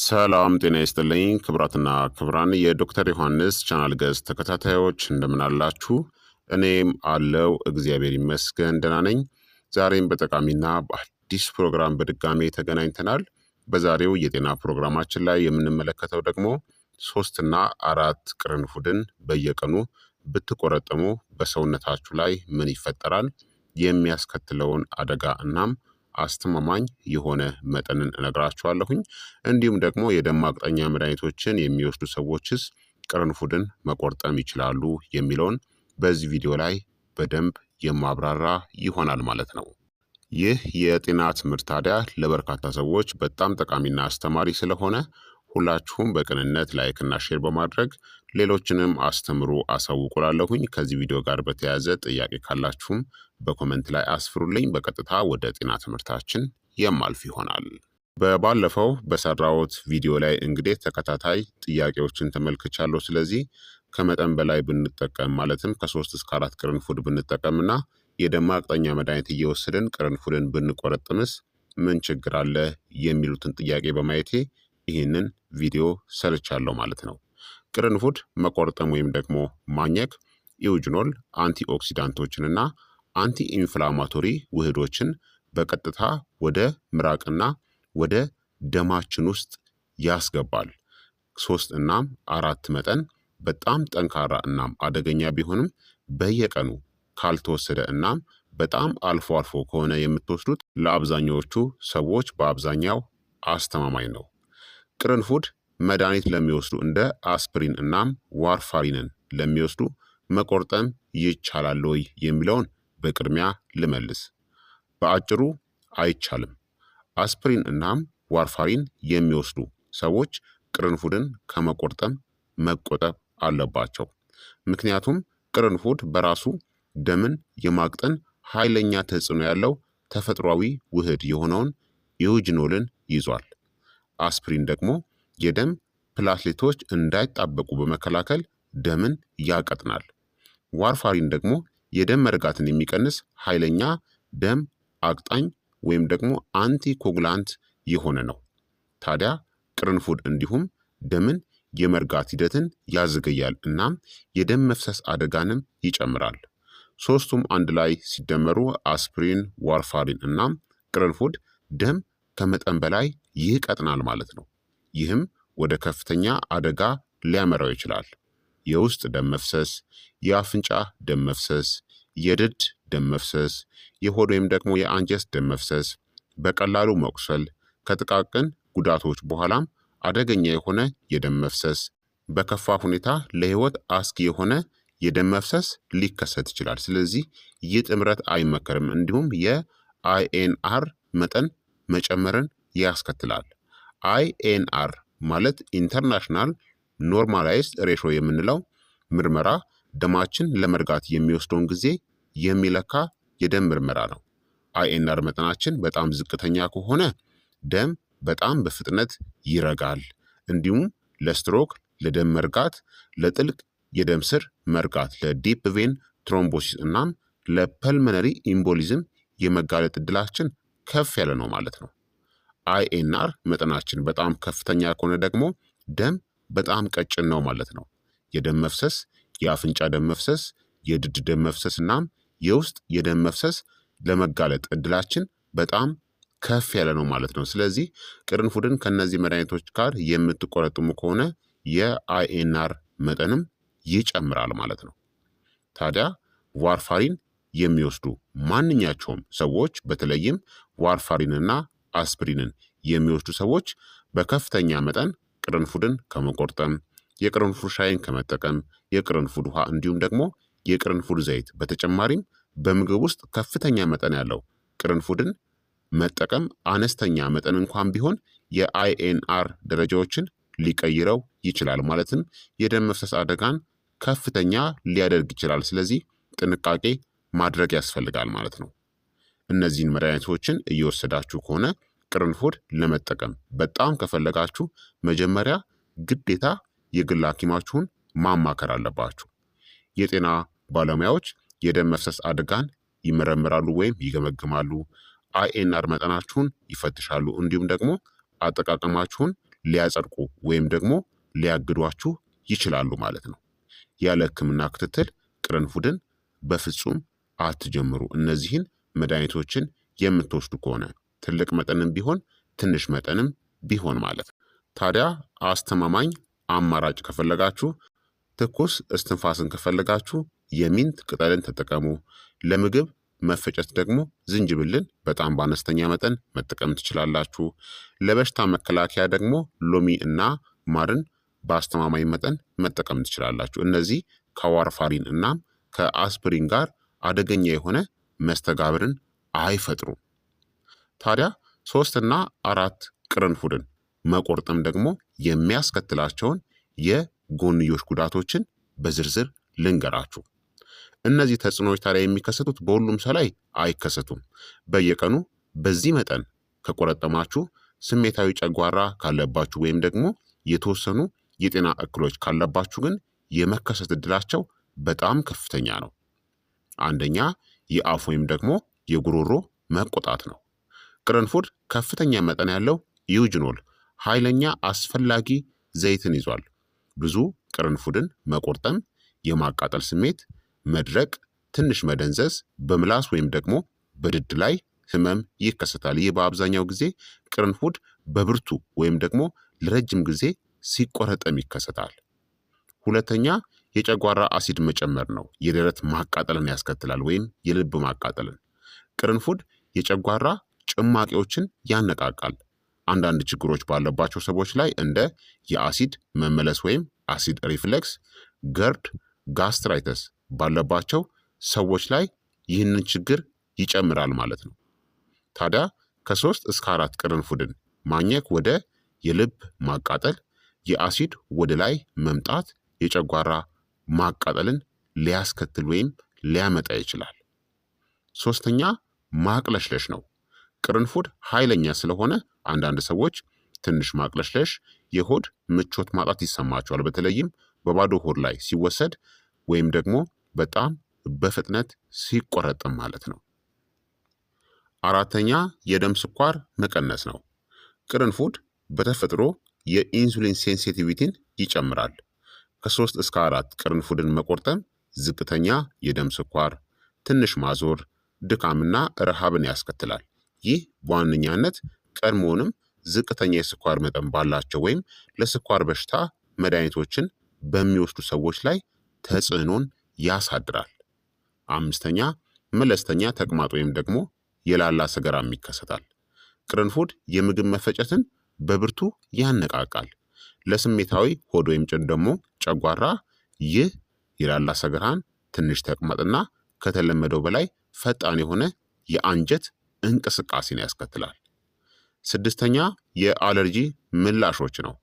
ሰላም ጤና ይስጥልኝ ክብራትና ክብራን የዶክተር ዮሐንስ ቻናል ገጽ ተከታታዮች እንደምናላችሁ፣ እኔም አለው እግዚአብሔር ይመስገን ደህና ነኝ። ዛሬም በጠቃሚና በአዲስ ፕሮግራም በድጋሜ ተገናኝተናል። በዛሬው የጤና ፕሮግራማችን ላይ የምንመለከተው ደግሞ ሶስትና አራት ቅርንፉድን በየቀኑ ብትቆረጥሙ በሰውነታችሁ ላይ ምን ይፈጠራል፣ የሚያስከትለውን አደጋ እናም አስተማማኝ የሆነ መጠንን እነግራችኋለሁኝ። እንዲሁም ደግሞ የደም ማቅጠኛ መድኃኒቶችን የሚወስዱ ሰዎችስ ቅርንፉድን መቆርጠም ይችላሉ የሚለውን በዚህ ቪዲዮ ላይ በደንብ የማብራራ ይሆናል ማለት ነው። ይህ የጤና ትምህርት ታዲያ ለበርካታ ሰዎች በጣም ጠቃሚና አስተማሪ ስለሆነ ሁላችሁም በቅንነት ላይክና ሼር በማድረግ ሌሎችንም አስተምሩ አሳውቁላለሁኝ። ከዚህ ቪዲዮ ጋር በተያያዘ ጥያቄ ካላችሁም በኮመንት ላይ አስፍሩልኝ። በቀጥታ ወደ ጤና ትምህርታችን የማልፍ ይሆናል። በባለፈው በሰራሁት ቪዲዮ ላይ እንግዲህ ተከታታይ ጥያቄዎችን ተመልክቻለሁ። ስለዚህ ከመጠን በላይ ብንጠቀም ማለትም ከሶስት እስከ አራት ቅርንፉድ ብንጠቀምና የደም ማቅጠኛ መድኃኒት እየወሰድን ቅርንፉድን ብንቆረጥምስ ምን ችግር አለ የሚሉትን ጥያቄ በማየቴ ይህንን ቪዲዮ ሰርቻለሁ ማለት ነው። ቅርንፉድ መቆርጠም ወይም ደግሞ ማኘክ ኢውጅኖል አንቲኦክሲዳንቶችንና አንቲ ኢንፍላማቶሪ ውህዶችን በቀጥታ ወደ ምራቅና ወደ ደማችን ውስጥ ያስገባል። ሶስት እናም አራት መጠን በጣም ጠንካራ እናም አደገኛ ቢሆንም በየቀኑ ካልተወሰደ እናም በጣም አልፎ አልፎ ከሆነ የምትወስዱት ለአብዛኛዎቹ ሰዎች በአብዛኛው አስተማማኝ ነው። ቅርንፉድ መድኃኒት ለሚወስዱ እንደ አስፕሪን እናም ዋርፋሪንን ለሚወስዱ መቆርጠም ይቻላል ወይ የሚለውን በቅድሚያ ልመልስ። በአጭሩ አይቻልም። አስፕሪን እናም ዋርፋሪን የሚወስዱ ሰዎች ቅርንፉድን ከመቆርጠም መቆጠብ አለባቸው። ምክንያቱም ቅርንፉድ በራሱ ደምን የማቅጠን ኃይለኛ ተጽዕኖ ያለው ተፈጥሯዊ ውህድ የሆነውን ዩጅኖልን ይዟል። አስፕሪን ደግሞ የደም ፕላትሌቶች እንዳይጣበቁ በመከላከል ደምን ያቀጥናል። ዋርፋሪን ደግሞ የደም መርጋትን የሚቀንስ ኃይለኛ ደም አቅጣኝ ወይም ደግሞ አንቲኮጉላንት የሆነ ነው። ታዲያ ቅርንፉድ እንዲሁም ደምን የመርጋት ሂደትን ያዘገያል እናም የደም መፍሰስ አደጋንም ይጨምራል። ሶስቱም አንድ ላይ ሲደመሩ አስፕሪን፣ ዋርፋሪን እናም ቅርንፉድ ደም ከመጠን በላይ ይቀጥናል ማለት ነው። ይህም ወደ ከፍተኛ አደጋ ሊያመራው ይችላል። የውስጥ ደም መፍሰስ፣ የአፍንጫ ደም መፍሰስ፣ የድድ ደም መፍሰስ፣ የሆድ ወይም ደግሞ የአንጀስ ደም መፍሰስ፣ በቀላሉ መቁሰል፣ ከጥቃቅን ጉዳቶች በኋላም አደገኛ የሆነ የደም መፍሰስ፣ በከፋ ሁኔታ ለህይወት አስጊ የሆነ የደም መፍሰስ ሊከሰት ይችላል። ስለዚህ ይህ ጥምረት አይመከርም። እንዲሁም የአይኤንአር መጠን መጨመርን ያስከትላል። አይኤንአር ማለት ኢንተርናሽናል ኖርማላይዝድ ሬሾ የምንለው ምርመራ ደማችን ለመርጋት የሚወስደውን ጊዜ የሚለካ የደም ምርመራ ነው። አይኤንአር መጠናችን በጣም ዝቅተኛ ከሆነ ደም በጣም በፍጥነት ይረጋል። እንዲሁም ለስትሮክ፣ ለደም መርጋት፣ ለጥልቅ የደም ስር መርጋት፣ ለዲፕ ቬን ትሮምቦሲስ እናም ለፐልመነሪ ኢምቦሊዝም የመጋለጥ እድላችን ከፍ ያለ ነው ማለት ነው። አይኤንአር መጠናችን በጣም ከፍተኛ ከሆነ ደግሞ ደም በጣም ቀጭን ነው ማለት ነው። የደም መፍሰስ፣ የአፍንጫ ደም መፍሰስ፣ የድድ ደም መፍሰስ እናም የውስጥ የደም መፍሰስ ለመጋለጥ እድላችን በጣም ከፍ ያለ ነው ማለት ነው። ስለዚህ ቅርንፉድን ከእነዚህ መድኃኒቶች ጋር የምትቆረጥሙ ከሆነ የአይኤንአር መጠንም ይጨምራል ማለት ነው። ታዲያ ዋርፋሪን የሚወስዱ ማንኛቸውም ሰዎች በተለይም ዋርፋሪንና አስፕሪንን የሚወስዱ ሰዎች በከፍተኛ መጠን ቅርንፉድን ከመቆርጠም የቅርንፉድ ሻይን ከመጠቀም የቅርንፉድ ውሃ እንዲሁም ደግሞ የቅርንፉድ ዘይት በተጨማሪም በምግብ ውስጥ ከፍተኛ መጠን ያለው ቅርንፉድን መጠቀም አነስተኛ መጠን እንኳን ቢሆን የአይኤንአር ደረጃዎችን ሊቀይረው ይችላል። ማለትም የደም መፍሰስ አደጋን ከፍተኛ ሊያደርግ ይችላል። ስለዚህ ጥንቃቄ ማድረግ ያስፈልጋል ማለት ነው። እነዚህን መድኃኒቶችን እየወሰዳችሁ ከሆነ ቅርንፎድ ለመጠቀም በጣም ከፈለጋችሁ መጀመሪያ ግዴታ የግል ሐኪማችሁን ማማከር አለባችሁ። የጤና ባለሙያዎች የደም መፍሰስ አደጋን ይመረምራሉ ወይም ይገመግማሉ። አይኤንአር መጠናችሁን ይፈትሻሉ። እንዲሁም ደግሞ አጠቃቀማችሁን ሊያጸድቁ ወይም ደግሞ ሊያግዷችሁ ይችላሉ ማለት ነው። ያለ ሕክምና ክትትል ቅርንፉድን በፍጹም አትጀምሩ። እነዚህን መድኃኒቶችን የምትወስዱ ከሆነ ትልቅ መጠንም ቢሆን ትንሽ መጠንም ቢሆን ማለት ነው። ታዲያ አስተማማኝ አማራጭ ከፈለጋችሁ ትኩስ እስትንፋስን ከፈለጋችሁ የሚንት ቅጠልን ተጠቀሙ። ለምግብ መፈጨት ደግሞ ዝንጅብልን በጣም በአነስተኛ መጠን መጠቀም ትችላላችሁ። ለበሽታ መከላከያ ደግሞ ሎሚ እና ማርን በአስተማማኝ መጠን መጠቀም ትችላላችሁ። እነዚህ ከዋርፋሪን እናም ከአስፕሪን ጋር አደገኛ የሆነ መስተጋብርን አይፈጥሩም። ታዲያ ሶስት እና አራት ቅርንፉድን መቆርጠም ደግሞ የሚያስከትላቸውን የጎንዮሽ ጉዳቶችን በዝርዝር ልንገራችሁ። እነዚህ ተጽዕኖዎች ታዲያ የሚከሰቱት በሁሉም ሰው ላይ አይከሰቱም። በየቀኑ በዚህ መጠን ከቆረጠማችሁ ስሜታዊ ጨጓራ ካለባችሁ ወይም ደግሞ የተወሰኑ የጤና እክሎች ካለባችሁ ግን የመከሰት እድላቸው በጣም ከፍተኛ ነው። አንደኛ የአፍ ወይም ደግሞ የጉሮሮ መቆጣት ነው። ቅርንፉድ ከፍተኛ መጠን ያለው ዩጅኖል ኃይለኛ አስፈላጊ ዘይትን ይዟል። ብዙ ቅርንፉድን መቆርጠም፣ የማቃጠል ስሜት፣ መድረቅ፣ ትንሽ መደንዘዝ፣ በምላስ ወይም ደግሞ በድድ ላይ ህመም ይከሰታል። ይህ በአብዛኛው ጊዜ ቅርንፉድ በብርቱ ወይም ደግሞ ለረጅም ጊዜ ሲቆረጠም ይከሰታል። ሁለተኛ የጨጓራ አሲድ መጨመር ነው። የደረት ማቃጠልን ያስከትላል ወይም የልብ ማቃጠልን። ቅርንፉድ የጨጓራ ጭማቂዎችን ያነቃቃል። አንዳንድ ችግሮች ባለባቸው ሰዎች ላይ እንደ የአሲድ መመለስ ወይም አሲድ ሪፍሌክስ፣ ገርድ፣ ጋስትራይተስ ባለባቸው ሰዎች ላይ ይህንን ችግር ይጨምራል ማለት ነው። ታዲያ ከሶስት እስከ አራት ቅርንፉድን ማኘክ ወደ የልብ ማቃጠል፣ የአሲድ ወደ ላይ መምጣት፣ የጨጓራ ማቃጠልን ሊያስከትል ወይም ሊያመጣ ይችላል። ሶስተኛ ማቅለሽለሽ ነው። ቅርንፉድ ኃይለኛ ስለሆነ አንዳንድ ሰዎች ትንሽ ማቅለሽለሽ፣ የሆድ ምቾት ማጣት ይሰማቸዋል። በተለይም በባዶ ሆድ ላይ ሲወሰድ ወይም ደግሞ በጣም በፍጥነት ሲቆረጥም ማለት ነው። አራተኛ የደም ስኳር መቀነስ ነው። ቅርንፉድ በተፈጥሮ የኢንሱሊን ሴንሲቲቪቲን ይጨምራል። ከሶስት እስከ አራት ቅርንፉድን መቆርጠም ዝቅተኛ የደም ስኳር፣ ትንሽ ማዞር፣ ድካምና ረሃብን ያስከትላል። ይህ በዋነኛነት ቀድሞውንም ዝቅተኛ የስኳር መጠን ባላቸው ወይም ለስኳር በሽታ መድኃኒቶችን በሚወስዱ ሰዎች ላይ ተጽዕኖን ያሳድራል። አምስተኛ መለስተኛ ተቅማጥ ወይም ደግሞ የላላ ሰገራም ይከሰታል። ቅርንፉድ የምግብ መፈጨትን በብርቱ ያነቃቃል። ለስሜታዊ ሆድ ወይም ጭን ደግሞ ጨጓራ ይህ የላላ ሰገራን ትንሽ ተቅማጥና ከተለመደው በላይ ፈጣን የሆነ የአንጀት እንቅስቃሴን ያስከትላል። ስድስተኛ የአለርጂ ምላሾች ነው።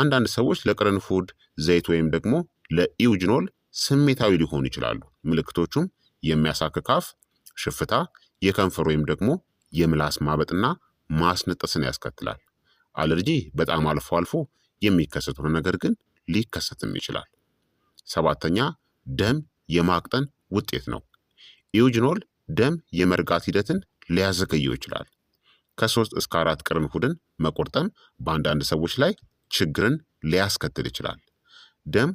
አንዳንድ ሰዎች ለቅርንፉድ ዘይት ወይም ደግሞ ለኢውጅኖል ስሜታዊ ሊሆኑ ይችላሉ። ምልክቶቹም የሚያሳክክ አፍ፣ ሽፍታ፣ የከንፈር ወይም ደግሞ የምላስ ማበጥና ማስነጠስን ያስከትላል። አለርጂ በጣም አልፎ አልፎ የሚከሰት ነው፣ ነገር ግን ሊከሰትም ይችላል። ሰባተኛ ደም የማቅጠን ውጤት ነው። ኢውጅኖል ደም የመርጋት ሂደትን ሊያዘገየው ይችላል። ከሶስት እስከ አራት ቅርን እሁድን መቆርጠም በአንዳንድ ሰዎች ላይ ችግርን ሊያስከትል ይችላል። ደም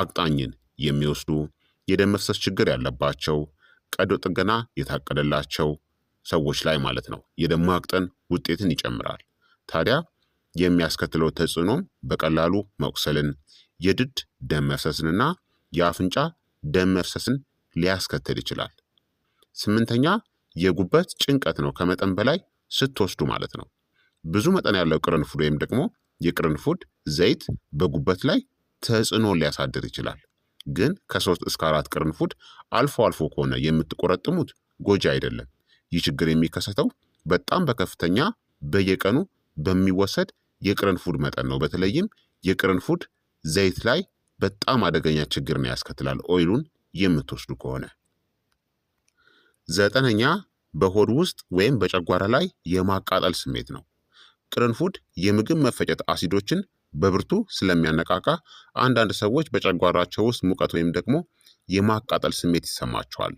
አቅጣኝን የሚወስዱ፣ የደም መፍሰስ ችግር ያለባቸው፣ ቀዶ ጥገና የታቀደላቸው ሰዎች ላይ ማለት ነው። የደም አቅጠን ውጤትን ይጨምራል። ታዲያ የሚያስከትለው ተጽዕኖም በቀላሉ መቁሰልን፣ የድድ ደም መፍሰስንና የአፍንጫ ደም መፍሰስን ሊያስከትል ይችላል። ስምንተኛ የጉበት ጭንቀት ነው፣ ከመጠን በላይ ስትወስዱ ማለት ነው። ብዙ መጠን ያለው ቅርንፉድ ወይም ደግሞ የቅርንፉድ ዘይት በጉበት ላይ ተጽዕኖ ሊያሳድር ይችላል። ግን ከሶስት እስከ አራት ቅርንፉድ አልፎ አልፎ ከሆነ የምትቆረጥሙት ጎጂ አይደለም። ይህ ችግር የሚከሰተው በጣም በከፍተኛ በየቀኑ በሚወሰድ የቅርንፉድ መጠን ነው። በተለይም የቅርንፉድ ዘይት ላይ በጣም አደገኛ ችግርን ያስከትላል ኦይሉን የምትወስዱ ከሆነ ዘጠነኛ በሆድ ውስጥ ወይም በጨጓራ ላይ የማቃጠል ስሜት ነው። ቅርንፉድ የምግብ መፈጨት አሲዶችን በብርቱ ስለሚያነቃቃ አንዳንድ ሰዎች በጨጓራቸው ውስጥ ሙቀት ወይም ደግሞ የማቃጠል ስሜት ይሰማቸዋል።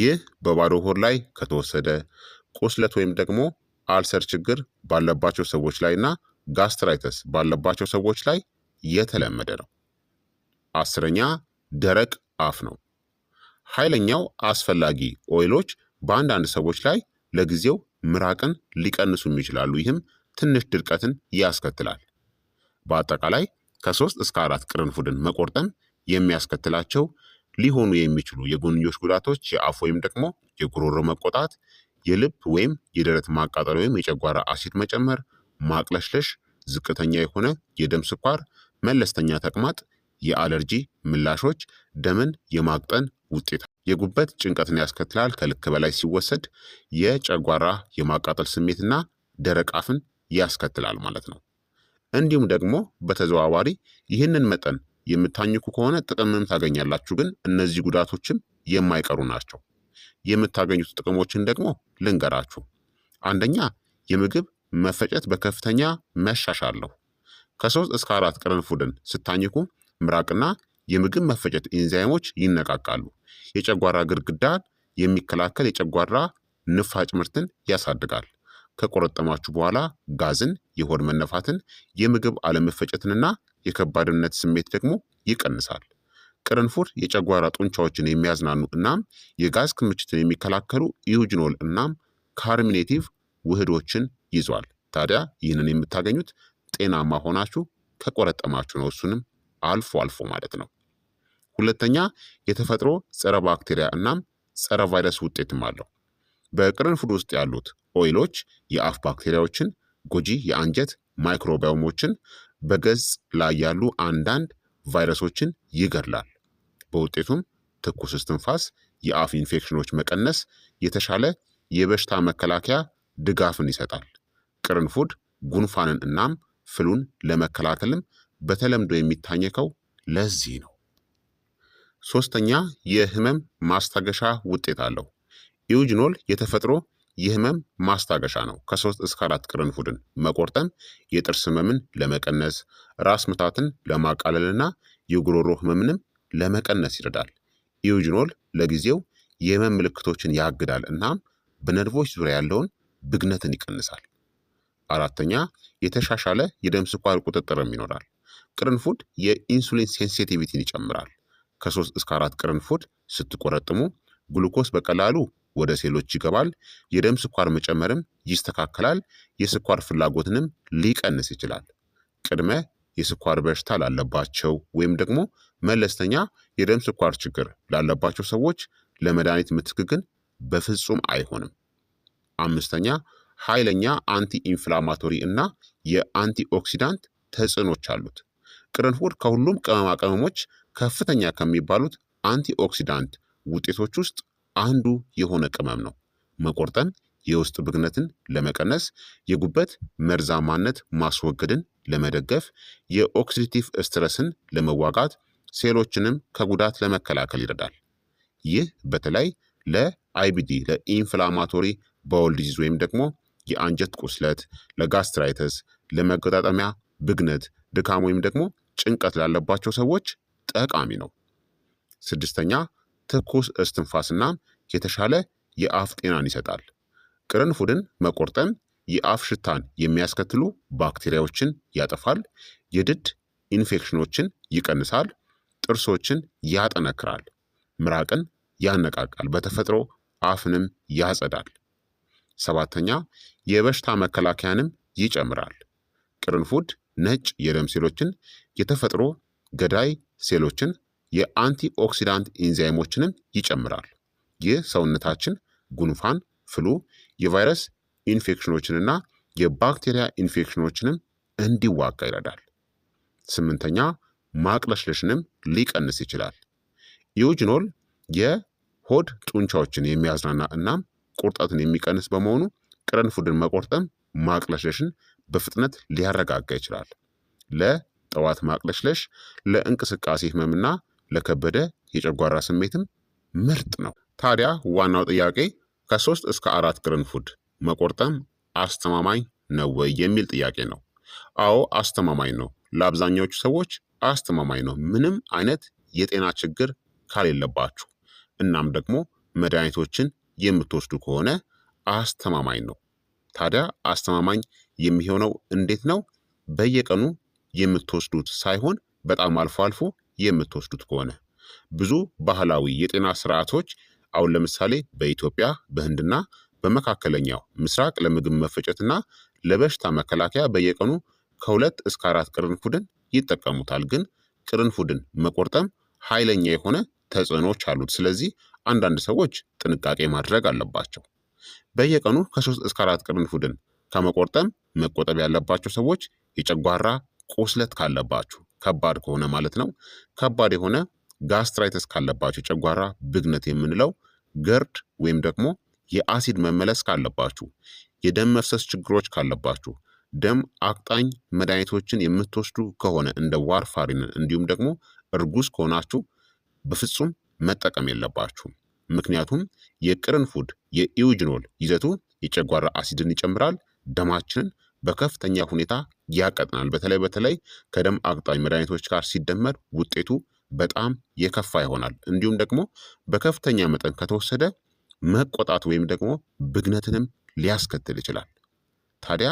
ይህ በባዶ ሆድ ላይ ከተወሰደ ቁስለት ወይም ደግሞ አልሰር ችግር ባለባቸው ሰዎች ላይ እና ጋስትራይተስ ባለባቸው ሰዎች ላይ የተለመደ ነው። አስረኛ ደረቅ አፍ ነው። ኃይለኛው አስፈላጊ ኦይሎች በአንዳንድ ሰዎች ላይ ለጊዜው ምራቅን ሊቀንሱም ይችላሉ። ይህም ትንሽ ድርቀትን ያስከትላል። በአጠቃላይ ከሶስት እስከ አራት ቅርንፉድን መቆርጠም የሚያስከትላቸው ሊሆኑ የሚችሉ የጎንዮሽ ጉዳቶች የአፍ ወይም ደግሞ የጉሮሮ መቆጣት፣ የልብ ወይም የደረት ማቃጠል ወይም የጨጓራ አሲድ መጨመር፣ ማቅለሽለሽ፣ ዝቅተኛ የሆነ የደም ስኳር፣ መለስተኛ ተቅማጥ የአለርጂ ምላሾች ደምን የማቅጠን ውጤት የጉበት ጭንቀትን ያስከትላል ከልክ በላይ ሲወሰድ የጨጓራ የማቃጠል ስሜትና ደረቅ አፍን ያስከትላል ማለት ነው። እንዲሁም ደግሞ በተዘዋዋሪ ይህንን መጠን የምታኝኩ ከሆነ ጥቅምም ታገኛላችሁ፣ ግን እነዚህ ጉዳቶችም የማይቀሩ ናቸው። የምታገኙት ጥቅሞችን ደግሞ ልንገራችሁ። አንደኛ የምግብ መፈጨት በከፍተኛ መሻሻል አለው። ከሶስት እስከ አራት ቅርንፉድን ስታኝኩ ምራቅና የምግብ መፈጨት ኢንዛይሞች ይነቃቃሉ። የጨጓራ ግድግዳን የሚከላከል የጨጓራ ንፋጭ ምርትን ያሳድጋል። ከቆረጠማችሁ በኋላ ጋዝን፣ የሆድ መነፋትን፣ የምግብ አለመፈጨትንና የከባድነት ስሜት ደግሞ ይቀንሳል። ቅርንፉድ የጨጓራ ጡንቻዎችን የሚያዝናኑ እናም የጋዝ ክምችትን የሚከላከሉ ኢዩጅኖል እናም ካርሚኔቲቭ ውህዶችን ይዟል። ታዲያ ይህንን የምታገኙት ጤናማ ሆናችሁ ከቆረጠማችሁ ነው። እሱንም አልፎ አልፎ ማለት ነው። ሁለተኛ የተፈጥሮ ጸረ ባክቴሪያ እናም ጸረ ቫይረስ ውጤትም አለው። በቅርንፉድ ውስጥ ያሉት ኦይሎች የአፍ ባክቴሪያዎችን፣ ጎጂ የአንጀት ማይክሮባዮሞችን፣ በገጽ ላይ ያሉ አንዳንድ ቫይረሶችን ይገድላል። በውጤቱም ትኩስ እስትንፋስ፣ የአፍ ኢንፌክሽኖች መቀነስ፣ የተሻለ የበሽታ መከላከያ ድጋፍን ይሰጣል። ቅርንፉድ ጉንፋንን እናም ፍሉን ለመከላከልም በተለምዶ የሚታኘከው ለዚህ ነው። ሶስተኛ የህመም ማስታገሻ ውጤት አለው። ኢዩጅኖል የተፈጥሮ የህመም ማስታገሻ ነው። ከሶስት እስከ አራት ቅርንፉድን መቆርጠም የጥርስ ህመምን ለመቀነስ ራስ ምታትን ለማቃለልና የጉሮሮ ህመምንም ለመቀነስ ይረዳል። ኢዩጅኖል ለጊዜው የህመም ምልክቶችን ያግዳል እናም በነርቮች ዙሪያ ያለውን ብግነትን ይቀንሳል። አራተኛ የተሻሻለ የደም ስኳር ቁጥጥርም ይኖራል። ቅርንፉድ የኢንሱሊን ሴንሲቲቪቲን ይጨምራል። ከሶስት እስከ አራት ቅርንፉድ ስትቆረጥሙ ግሉኮስ በቀላሉ ወደ ሴሎች ይገባል። የደም ስኳር መጨመርም ይስተካከላል። የስኳር ፍላጎትንም ሊቀንስ ይችላል። ቅድመ የስኳር በሽታ ላለባቸው ወይም ደግሞ መለስተኛ የደም ስኳር ችግር ላለባቸው ሰዎች ለመድኃኒት ምትክ ግን በፍጹም አይሆንም። አምስተኛ ኃይለኛ አንቲ ኢንፍላማቶሪ እና የአንቲ ኦክሲዳንት ተጽዕኖች አሉት። ቅርንፉድ ከሁሉም ቅመማ ቅመሞች ከፍተኛ ከሚባሉት አንቲኦክሲዳንት ውጤቶች ውስጥ አንዱ የሆነ ቅመም ነው። መቆርጠም የውስጥ ብግነትን ለመቀነስ፣ የጉበት መርዛማነት ማስወገድን ለመደገፍ፣ የኦክሲዲቲቭ ስትረስን ለመዋጋት፣ ሴሎችንም ከጉዳት ለመከላከል ይረዳል። ይህ በተለይ ለአይቢዲ ለኢንፍላማቶሪ ባወል ዲዚዝ ወይም ደግሞ የአንጀት ቁስለት፣ ለጋስትራይተስ፣ ለመገጣጠሚያ ብግነት ድካም ወይም ደግሞ ጭንቀት ላለባቸው ሰዎች ጠቃሚ ነው። ስድስተኛ ትኩስ እስትንፋስና የተሻለ የአፍ ጤናን ይሰጣል። ቅርንፉድን መቆርጠም የአፍ ሽታን የሚያስከትሉ ባክቴሪያዎችን ያጠፋል፣ የድድ ኢንፌክሽኖችን ይቀንሳል፣ ጥርሶችን ያጠነክራል፣ ምራቅን ያነቃቃል፣ በተፈጥሮ አፍንም ያጸዳል። ሰባተኛ የበሽታ መከላከያንም ይጨምራል። ቅርንፉድ ነጭ የደም ሴሎችን፣ የተፈጥሮ ገዳይ ሴሎችን፣ የአንቲ ኦክሲዳንት ኢንዛይሞችንም ይጨምራል። ይህ ሰውነታችን ጉንፋን፣ ፍሉ፣ የቫይረስ ኢንፌክሽኖችንና የባክቴሪያ ኢንፌክሽኖችንም እንዲዋጋ ይረዳል። ስምንተኛ ማቅለሽለሽንም ሊቀንስ ይችላል። ኢዩጅኖል የሆድ ጡንቻዎችን የሚያዝናና እናም ቁርጠትን የሚቀንስ በመሆኑ ቅርንፉድን መቆርጠም ማቅለሽለሽን በፍጥነት ሊያረጋጋ ይችላል። ለጠዋት ማቅለሽለሽ፣ ለእንቅስቃሴ ህመምና ለከበደ የጨጓራ ስሜትም ምርጥ ነው። ታዲያ ዋናው ጥያቄ ከሶስት እስከ አራት ቅርንፉድ መቆርጠም አስተማማኝ ነው ወይ የሚል ጥያቄ ነው። አዎ አስተማማኝ ነው። ለአብዛኛዎቹ ሰዎች አስተማማኝ ነው፣ ምንም አይነት የጤና ችግር ካሌለባችሁ። እናም ደግሞ መድኃኒቶችን የምትወስዱ ከሆነ አስተማማኝ ነው። ታዲያ አስተማማኝ የሚሆነው እንዴት ነው? በየቀኑ የምትወስዱት ሳይሆን በጣም አልፎ አልፎ የምትወስዱት ከሆነ ብዙ ባህላዊ የጤና ስርዓቶች አሁን ለምሳሌ በኢትዮጵያ በህንድና በመካከለኛው ምስራቅ ለምግብ መፈጨትና ለበሽታ መከላከያ በየቀኑ ከሁለት እስከ አራት ቅርንፉድን ይጠቀሙታል። ግን ቅርንፉድን መቆርጠም ኃይለኛ የሆነ ተጽዕኖዎች አሉት። ስለዚህ አንዳንድ ሰዎች ጥንቃቄ ማድረግ አለባቸው። በየቀኑ ከሶስት እስከ አራት ቅርንፉድን ፉድን ከመቆርጠም መቆጠብ ያለባቸው ሰዎች የጨጓራ ቁስለት ካለባችሁ ከባድ ከሆነ ማለት ነው። ከባድ የሆነ ጋስትራይተስ ካለባችሁ የጨጓራ ብግነት የምንለው ገርድ ወይም ደግሞ የአሲድ መመለስ ካለባችሁ፣ የደም መፍሰስ ችግሮች ካለባችሁ፣ ደም አቅጣኝ መድኃኒቶችን የምትወስዱ ከሆነ እንደ ዋርፋሪን እንዲሁም ደግሞ እርጉዝ ከሆናችሁ በፍጹም መጠቀም የለባችሁም። ምክንያቱም የቅርንፉድ የኢዩጅኖል ይዘቱ የጨጓራ አሲድን ይጨምራል፣ ደማችንን በከፍተኛ ሁኔታ ያቀጥናል። በተለይ በተለይ ከደም አቅጣኝ መድኃኒቶች ጋር ሲደመር ውጤቱ በጣም የከፋ ይሆናል። እንዲሁም ደግሞ በከፍተኛ መጠን ከተወሰደ መቆጣት ወይም ደግሞ ብግነትንም ሊያስከትል ይችላል። ታዲያ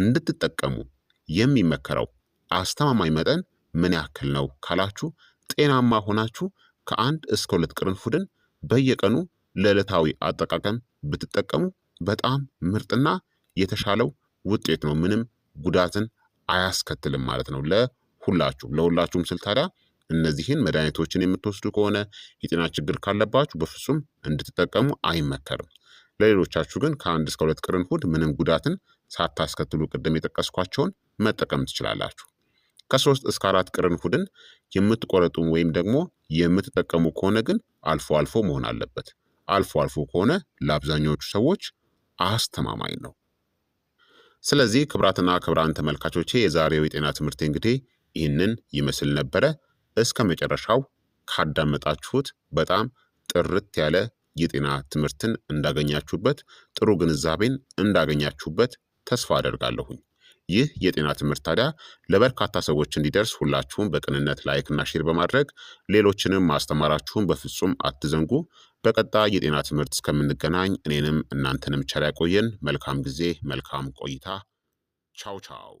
እንድትጠቀሙ የሚመከረው አስተማማኝ መጠን ምን ያክል ነው ካላችሁ ጤናማ ሆናችሁ ከአንድ እስከ ሁለት ቅርንፉድን በየቀኑ ለዕለታዊ አጠቃቀም ብትጠቀሙ በጣም ምርጥና የተሻለው ውጤት ነው። ምንም ጉዳትን አያስከትልም ማለት ነው ለሁላችሁ ለሁላችሁም ስል ታዲያ እነዚህን መድኃኒቶችን የምትወስዱ ከሆነ የጤና ችግር ካለባችሁ በፍጹም እንድትጠቀሙ አይመከርም። ለሌሎቻችሁ ግን ከአንድ እስከ ሁለት ቅርንፉድ ምንም ጉዳትን ሳታስከትሉ ቅድም የጠቀስኳቸውን መጠቀም ትችላላችሁ። ከሶስት እስከ አራት ቅርንፉድን የምትቆረጡ ወይም ደግሞ የምትጠቀሙ ከሆነ ግን አልፎ አልፎ መሆን አለበት። አልፎ አልፎ ከሆነ ለአብዛኛዎቹ ሰዎች አስተማማኝ ነው። ስለዚህ ክብራትና ክብራን ተመልካቾቼ የዛሬው የጤና ትምህርት እንግዲህ ይህንን ይመስል ነበረ። እስከ መጨረሻው ካዳመጣችሁት በጣም ጥርት ያለ የጤና ትምህርትን እንዳገኛችሁበት፣ ጥሩ ግንዛቤን እንዳገኛችሁበት ተስፋ አደርጋለሁኝ። ይህ የጤና ትምህርት ታዲያ ለበርካታ ሰዎች እንዲደርስ ሁላችሁም በቅንነት ላይክና ሼር በማድረግ ሌሎችንም ማስተማራችሁን በፍጹም አትዘንጉ። በቀጣይ የጤና ትምህርት እስከምንገናኝ እኔንም እናንተንም ቸር ያቆየን። መልካም ጊዜ፣ መልካም ቆይታ። ቻው ቻው።